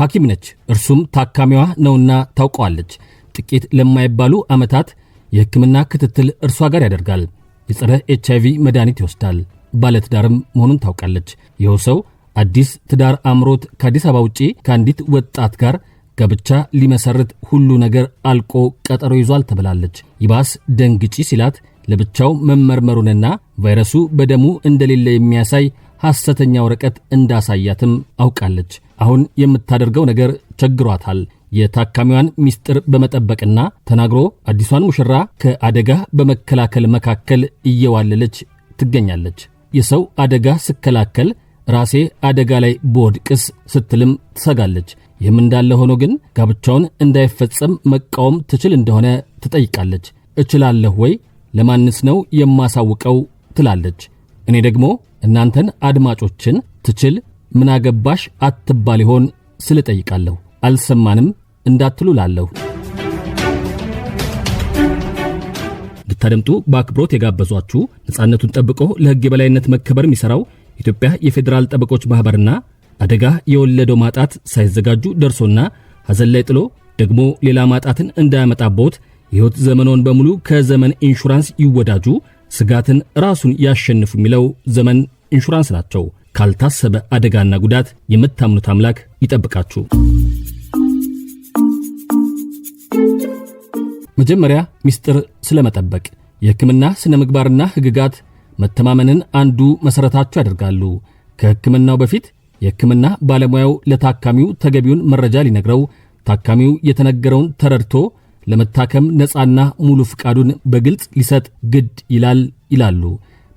ሐኪም ነች። እርሱም ታካሚዋ ነውና ታውቀዋለች። ጥቂት ለማይባሉ ዓመታት የሕክምና ክትትል እርሷ ጋር ያደርጋል። የጸረ ኤች አይቪ መድኃኒት ይወስዳል። ባለትዳርም መሆኑን ታውቃለች። ይኸው ሰው አዲስ ትዳር አምሮት ከአዲስ አበባ ውጪ ከአንዲት ወጣት ጋር ጋብቻ ሊመሰርት ሁሉ ነገር አልቆ ቀጠሮ ይዟል ተብላለች። ይባስ ደንግጪ ሲላት ለብቻው መመርመሩንና ቫይረሱ በደሙ እንደሌለ የሚያሳይ ሐሰተኛ ወረቀት እንዳሳያትም አውቃለች። አሁን የምታደርገው ነገር ቸግሯታል። የታካሚዋን ምስጢር በመጠበቅና ተናግሮ አዲሷን ሙሽራ ከአደጋ በመከላከል መካከል እየዋለለች ትገኛለች። የሰው አደጋ ስከላከል ራሴ አደጋ ላይ ብወድቅስ ስትልም ትሰጋለች። ይህም እንዳለ ሆኖ ግን ጋብቻውን እንዳይፈጸም መቃወም ትችል እንደሆነ ትጠይቃለች። እችላለሁ ወይ? ለማንስ ነው የማሳውቀው? ትላለች። እኔ ደግሞ እናንተን አድማጮችን ትችል ምናገባሽ አትባል ይሆን ስል እጠይቃለሁ። አልሰማንም እንዳትሉ ላለሁ እንድታደምጡ በአክብሮት የጋበዟችሁ ነፃነቱን ጠብቆ ለሕግ የበላይነት መከበር የሚሠራው ኢትዮጵያ የፌዴራል ጠበቆች ማኅበርና አደጋ የወለደው ማጣት ሳይዘጋጁ ደርሶና ሐዘን ላይ ጥሎ ደግሞ ሌላ ማጣትን እንዳያመጣቦት የሕይወት ዘመኖን በሙሉ ከዘመን ኢንሹራንስ ይወዳጁ። ስጋትን ራሱን ያሸንፉ የሚለው ዘመን ኢንሹራንስ ናቸው። ካልታሰበ አደጋና ጉዳት የምታምኑት አምላክ ይጠብቃችሁ። መጀመሪያ ሚስጥር ስለመጠበቅ የሕክምና ሥነ ምግባርና ሕግጋት መተማመንን አንዱ መሠረታቸው ያደርጋሉ። ከሕክምናው በፊት የሕክምና ባለሙያው ለታካሚው ተገቢውን መረጃ ሊነግረው ታካሚው የተነገረውን ተረድቶ ለመታከም ነፃና ሙሉ ፍቃዱን በግልጽ ሊሰጥ ግድ ይላል ይላሉ።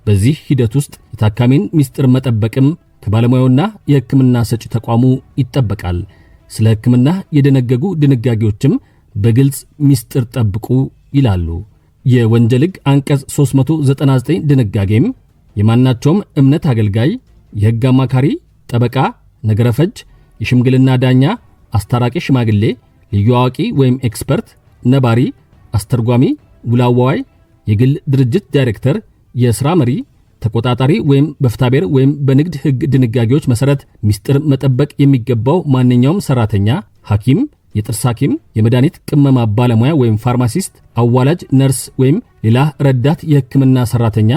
በዚህ ሂደት ውስጥ የታካሚን ምስጢር መጠበቅም ከባለሙያውና የሕክምና ሰጪ ተቋሙ ይጠበቃል። ስለ ሕክምና የደነገጉ ድንጋጌዎችም በግልጽ ምስጢር ጠብቁ ይላሉ። የወንጀል ሕግ አንቀጽ 399 ድንጋጌም የማናቸውም እምነት አገልጋይ፣ የሕግ አማካሪ፣ ጠበቃ፣ ነገረፈጅ፣ የሽምግልና ዳኛ፣ አስታራቂ ሽማግሌ፣ ልዩ አዋቂ ወይም ኤክስፐርት ነባሪ፣ አስተርጓሚ፣ ውል አዋዋይ፣ የግል ድርጅት ዳይሬክተር፣ የሥራ መሪ፣ ተቆጣጣሪ ወይም በፍታቤር ወይም በንግድ ሕግ ድንጋጌዎች መሠረት ሚስጥር መጠበቅ የሚገባው ማንኛውም ሠራተኛ፣ ሐኪም፣ የጥርስ ሐኪም፣ የመድኃኒት ቅመማ ባለሙያ ወይም ፋርማሲስት፣ አዋላጅ፣ ነርስ ወይም ሌላ ረዳት የሕክምና ሠራተኛ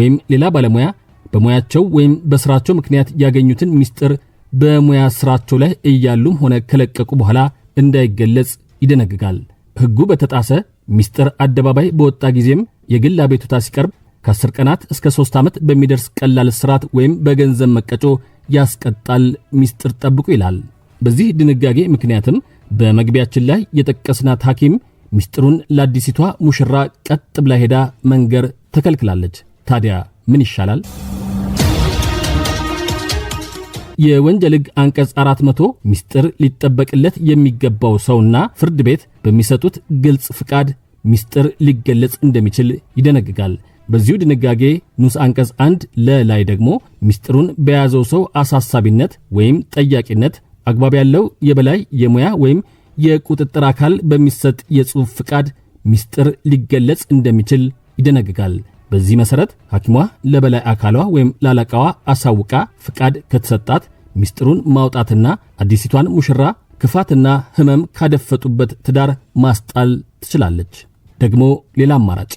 ወይም ሌላ ባለሙያ በሙያቸው ወይም በሥራቸው ምክንያት ያገኙትን ሚስጥር በሙያ ሥራቸው ላይ እያሉም ሆነ ከለቀቁ በኋላ እንዳይገለጽ ይደነግጋል። ሕጉ በተጣሰ ሚስጥር አደባባይ በወጣ ጊዜም የግል አቤቱታ ሲቀርብ ከ10 ቀናት እስከ 3 ዓመት በሚደርስ ቀላል እስራት ወይም በገንዘብ መቀጮ ያስቀጣል፣ ሚስጥር ጠብቁ ይላል። በዚህ ድንጋጌ ምክንያትም በመግቢያችን ላይ የጠቀስናት ሐኪም ሚስጥሩን ለአዲሲቷ ሙሽራ ቀጥ ብላ ሄዳ መንገር ተከልክላለች። ታዲያ ምን ይሻላል? የወንጀል ሕግ አንቀጽ 400 ሚስጥር ሊጠበቅለት የሚገባው ሰውና ፍርድ ቤት በሚሰጡት ግልጽ ፍቃድ ሚስጥር ሊገለጽ እንደሚችል ይደነግጋል። በዚሁ ድንጋጌ ንዑስ አንቀጽ አንድ ለላይ ደግሞ ሚስጥሩን በያዘው ሰው አሳሳቢነት ወይም ጠያቂነት አግባብ ያለው የበላይ የሙያ ወይም የቁጥጥር አካል በሚሰጥ የጽሑፍ ፍቃድ ሚስጥር ሊገለጽ እንደሚችል ይደነግጋል። በዚህ መሰረት ሐኪሟ ለበላይ አካሏ ወይም ላለቃዋ አሳውቃ ፍቃድ ከተሰጣት ሚስጥሩን ማውጣትና አዲሲቷን ሙሽራ ክፋትና ህመም ካደፈጡበት ትዳር ማስጣል ትችላለች። ደግሞ ሌላ አማራጭ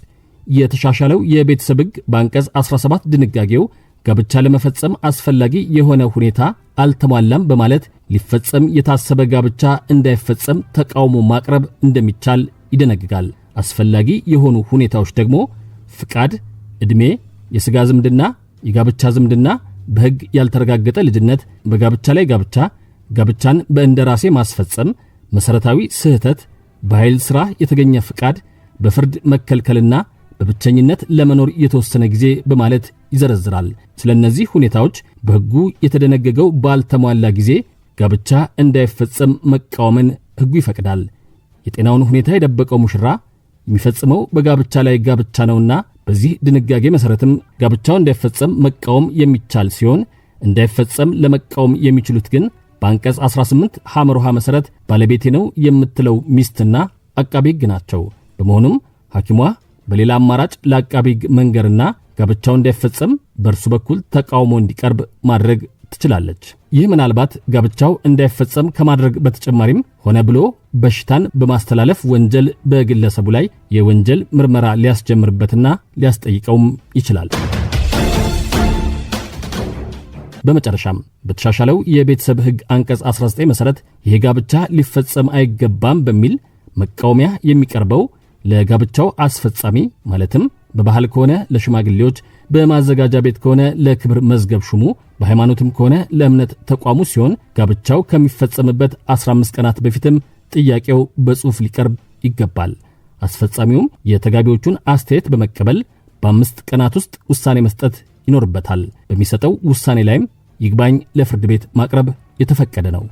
የተሻሻለው የቤተሰብ ሕግ በአንቀጽ 17 ድንጋጌው ጋብቻ ለመፈጸም አስፈላጊ የሆነ ሁኔታ አልተሟላም በማለት ሊፈጸም የታሰበ ጋብቻ እንዳይፈጸም ተቃውሞ ማቅረብ እንደሚቻል ይደነግጋል። አስፈላጊ የሆኑ ሁኔታዎች ደግሞ ፍቃድ፣ ዕድሜ፣ የሥጋ ዝምድና፣ የጋብቻ ዝምድና፣ በሕግ ያልተረጋገጠ ልጅነት፣ በጋብቻ ላይ ጋብቻ፣ ጋብቻን በእንደራሴ ማስፈጸም፣ መሠረታዊ ስህተት፣ በኃይል ሥራ የተገኘ ፍቃድ፣ በፍርድ መከልከልና በብቸኝነት ለመኖር የተወሰነ ጊዜ በማለት ይዘረዝራል። ስለ እነዚህ ሁኔታዎች በሕጉ የተደነገገው ባልተሟላ ጊዜ ጋብቻ እንዳይፈጸም መቃወምን ሕጉ ይፈቅዳል። የጤናውን ሁኔታ የደበቀው ሙሽራ የሚፈጽመው በጋብቻ ላይ ጋብቻ ነውና በዚህ ድንጋጌ መሰረትም ጋብቻው እንዳይፈጸም መቃወም የሚቻል ሲሆን እንዳይፈጸም ለመቃወም የሚችሉት ግን በአንቀጽ 18 ሐመሮሃ መሠረት ባለቤቴ ነው የምትለው ሚስትና አቃቢ ሕግ ናቸው። በመሆኑም ሐኪሟ በሌላ አማራጭ ለአቃቢ ሕግ መንገርና ጋብቻው እንዳይፈጸም በእርሱ በኩል ተቃውሞ እንዲቀርብ ማድረግ ትችላለች። ይህ ምናልባት ጋብቻው እንዳይፈጸም ከማድረግ በተጨማሪም ሆነ ብሎ በሽታን በማስተላለፍ ወንጀል በግለሰቡ ላይ የወንጀል ምርመራ ሊያስጀምርበትና ሊያስጠይቀውም ይችላል። በመጨረሻም በተሻሻለው የቤተሰብ ሕግ አንቀጽ 19 መሠረት ይህ ጋብቻ ሊፈጸም አይገባም በሚል መቃወሚያ የሚቀርበው ለጋብቻው አስፈጻሚ ማለትም በባህል ከሆነ ለሽማግሌዎች በማዘጋጃ ቤት ከሆነ ለክብር መዝገብ ሹሙ፣ በሃይማኖትም ከሆነ ለእምነት ተቋሙ ሲሆን ጋብቻው ከሚፈጸምበት 15 ቀናት በፊትም ጥያቄው በጽሑፍ ሊቀርብ ይገባል። አስፈጻሚውም የተጋቢዎቹን አስተያየት በመቀበል በአምስት ቀናት ውስጥ ውሳኔ መስጠት ይኖርበታል። በሚሰጠው ውሳኔ ላይም ይግባኝ ለፍርድ ቤት ማቅረብ የተፈቀደ ነው።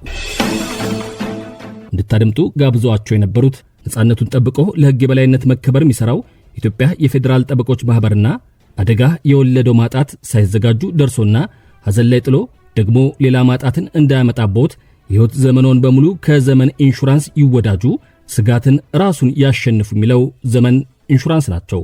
እንድታደምጡ ጋብዘዋቸው የነበሩት ነፃነቱን ጠብቆ ለሕግ የበላይነት መከበር የሚሠራው ኢትዮጵያ የፌዴራል ጠበቆች ማኅበርና አደጋ የወለደው ማጣት ሳይዘጋጁ ደርሶና ሐዘን ላይ ጥሎ ደግሞ ሌላ ማጣትን እንዳያመጣቦት ሕይወት ዘመኖን በሙሉ ከዘመን ኢንሹራንስ ይወዳጁ። ስጋትን ራሱን ያሸንፉ የሚለው ዘመን ኢንሹራንስ ናቸው።